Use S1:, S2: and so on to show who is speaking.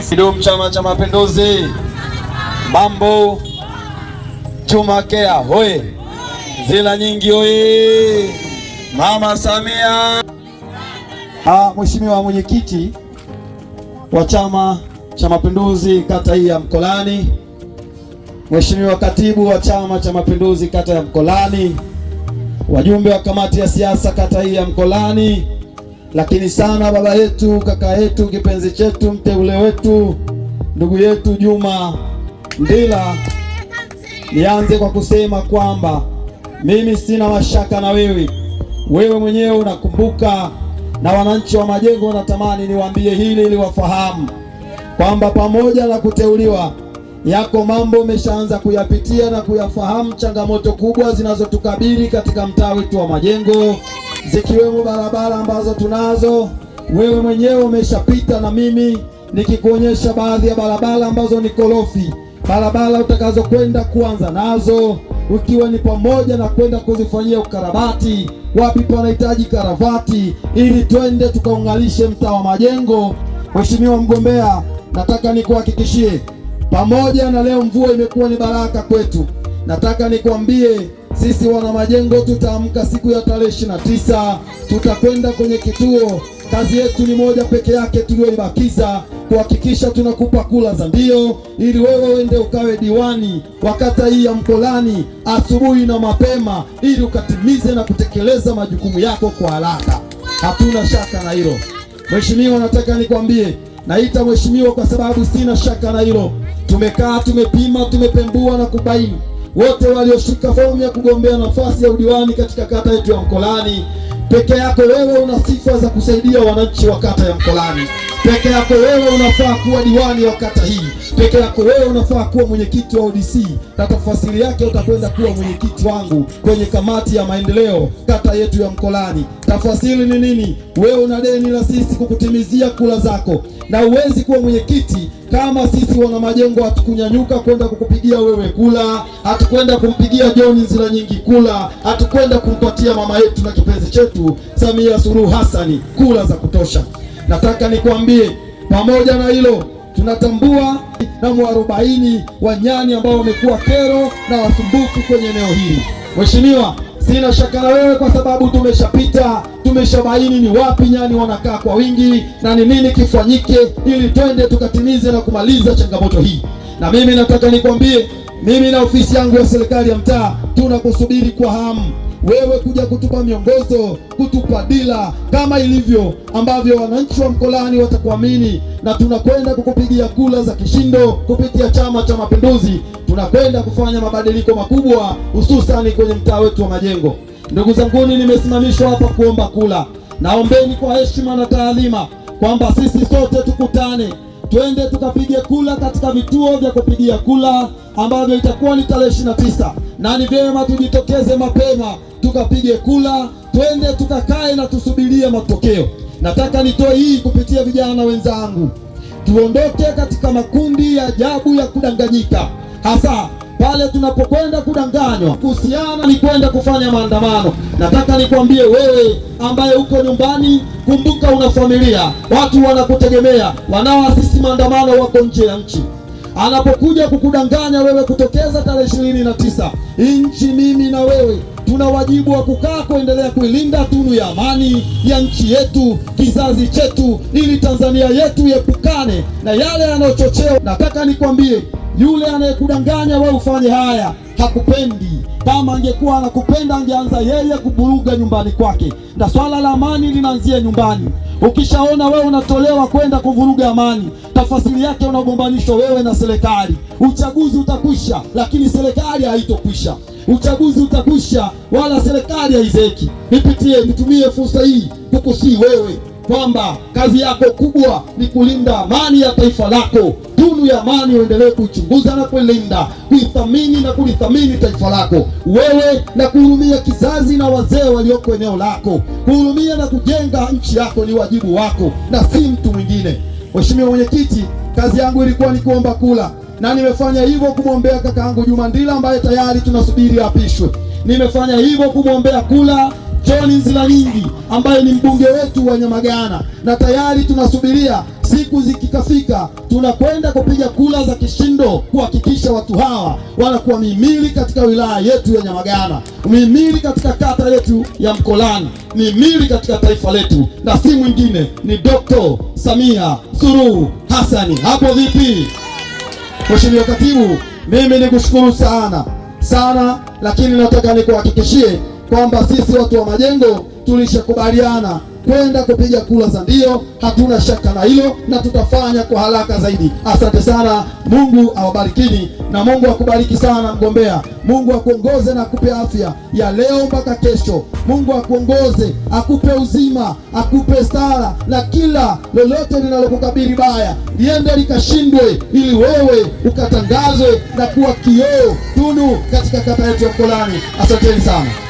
S1: Kidumu Chama cha Mapinduzi! Mambo chuma Kea hoye! Zila nyingi hoye! Mama Samia! Ah, Mheshimiwa mwenyekiti wa Chama cha Mapinduzi kata hii ya Mkolani, Mheshimiwa katibu wa Chama cha Mapinduzi kata ya Mkolani, wajumbe wa kamati ya siasa kata hii ya Mkolani lakini sana baba yetu, kaka yetu, kipenzi chetu, mteule wetu, ndugu yetu Juma Ndila. Nianze kwa kusema kwamba mimi sina mashaka na wewe, wewe mwenyewe unakumbuka, na wananchi wa Majengo natamani niwaambie hili ili wafahamu kwamba pamoja na kuteuliwa yako mambo umeshaanza kuyapitia na kuyafahamu changamoto kubwa zinazotukabili katika mtaa wetu wa Majengo zikiwemo barabara ambazo tunazo. Wewe mwenyewe umeshapita na mimi nikikuonyesha baadhi ya barabara ambazo ni korofi, barabara utakazokwenda kuanza nazo ukiwa ni pamoja na kwenda kuzifanyia ukarabati, wapi panahitaji karavati, ili twende tukaunganishe mtaa wa Majengo. Mheshimiwa mgombea, nataka nikuhakikishie, pamoja na leo mvua imekuwa ni baraka kwetu, nataka nikwambie sisi wana Majengo tutaamka siku ya tarehe ishirini na tisa, tutakwenda kwenye kituo. Kazi yetu ni moja peke yake tuliyoibakiza, kuhakikisha tunakupa kula za ndio, ili wewe uende ukawe diwani wa kata hii ya Mkolani asubuhi na mapema, ili ukatimize na kutekeleza majukumu yako kwa haraka. Hatuna shaka na hilo mheshimiwa. Nataka nikwambie, naita mheshimiwa kwa sababu sina shaka na hilo. Tumekaa, tumepima, tumepembua na kubaini wote walioshika fomu ya kugombea nafasi ya udiwani katika kata yetu ya Mkolani. Peke yako wewe una sifa za kusaidia wananchi wa kata ya Mkolani. Peke yako wewe unafaa kuwa diwani wa kata hii. Peke yako wewe unafaa kuwa mwenyekiti wa ODC, na tafasiri yake utakwenda kuwa mwenyekiti wangu kwenye kamati ya maendeleo kata yetu ya Mkolani. Tafasiri ni nini? Wewe una deni la sisi kukutimizia kula zako, na uwezi kuwa mwenyekiti kama sisi wana majengo hatukunyanyuka kwenda kukupigia wewe kula, hatukwenda kumpigia John Nzila nyingi kula, hatukwenda kumpatia mama yetu na kipenzi chetu Samia Suluhu hasani kula za kutosha. Nataka nikwambie, pamoja na hilo tunatambua na mwarobaini wa nyani ambao wamekuwa kero na wasumbufu kwenye eneo hili. Mheshimiwa, sina shaka na wewe kwa sababu tumeshapita, tumeshabaini ni wapi nyani wanakaa kwa wingi na ni nini kifanyike ili twende tukatimize na kumaliza changamoto hii. Na mimi nataka nikwambie, mimi na ofisi yangu ya serikali ya mtaa tunakusubiri kwa hamu wewe kuja kutupa miongozo, kutupa dira, kama ilivyo ambavyo wananchi wa Mkolani watakuamini, na tunakwenda kukupigia kula za kishindo kupitia Chama cha Mapinduzi. Tunakwenda kufanya mabadiliko makubwa, hususani kwenye mtaa wetu wa Majengo. Ndugu zanguni, nimesimamishwa hapa kuomba kula. Naombeni kwa heshima na taalima kwamba sisi sote tukutane twende tukapige kula katika vituo vya kupigia kula ambavyo itakuwa ni tarehe 29 na ni vyema tujitokeze mapema tukapige kula, twende tukakae na tusubirie matokeo. Nataka nitoe hii kupitia vijana wenzangu, tuondoke katika makundi ya ajabu ya kudanganyika, hasa pale tunapokwenda kudanganywa kuhusiana ni kwenda kufanya maandamano. Nataka nikwambie wewe ambaye uko nyumbani, kumbuka una familia, watu wanakutegemea, wanaoasisi maandamano wako nje ya nchi. Anapokuja kukudanganya wewe kutokeza tarehe ishirini na tisa nchi mimi na wewe wajibu wa kukaa kuendelea kuilinda tunu ya amani ya nchi yetu, kizazi chetu, ili Tanzania yetu yepukane na yale yanayochochewa. Nataka nikwambie, yule anayekudanganya wewe ufanye haya hakupendi. Kama angekuwa anakupenda angeanza yeye kuburuga nyumbani kwake, na swala la amani linaanzia nyumbani. Ukishaona wewe unatolewa kwenda kuvuruga amani, tafasiri yake unagombanishwa wewe na serikali. Uchaguzi utakwisha, lakini serikali haitokwisha uchaguzi utakwisha, wala serikali haizeki. Nipitie, nitumie fursa hii kukusii wewe kwamba kazi yako kubwa ni kulinda amani ya taifa lako. Tunu ya amani uendelee kuichunguza na kuilinda, kuithamini na kulithamini taifa lako wewe, na kuhurumia kizazi na wazee walioko eneo lako. Kuhurumia na kujenga nchi yako ni wajibu wako na si mtu mwingine. Mheshimiwa Mwenyekiti, kazi yangu ilikuwa ni kuomba kula na nimefanya hivyo kumwombea yangu Juma Ndila ambaye tayari tunasubiri apishwe. Nimefanya hivyo kumwombea kula John Nzilalingi ambaye ni mbunge wetu wa Nyamagana na tayari tunasubiria siku zikikafika, tunakwenda kupiga kula za kishindo kuhakikisha watu hawa wanakuwa mimili katika wilaya yetu ya Nyamagana, mimili katika kata yetu ya Mkolani, mimili katika taifa letu, na si mwingine ni Dr. Samia Suluhu Hassan. Hapo vipi? Mheshimiwa Katibu, mimi ni kushukuru sana sana, lakini nataka nikuhakikishie kwamba sisi watu wa majengo tulishakubaliana kwenda kupiga kura za ndio. Hatuna shaka na hilo na tutafanya kwa haraka zaidi. Asante sana. Mungu awabarikini na Mungu akubariki sana mgombea. Mungu akuongoze na akupe afya ya leo mpaka kesho. Mungu akuongoze akupe uzima, akupe stara, na kila lolote linalokukabili baya liende likashindwe, ili wewe ukatangazwe na kuwa kioo tunu katika kata yetu ya Mkolani. Asanteni sana.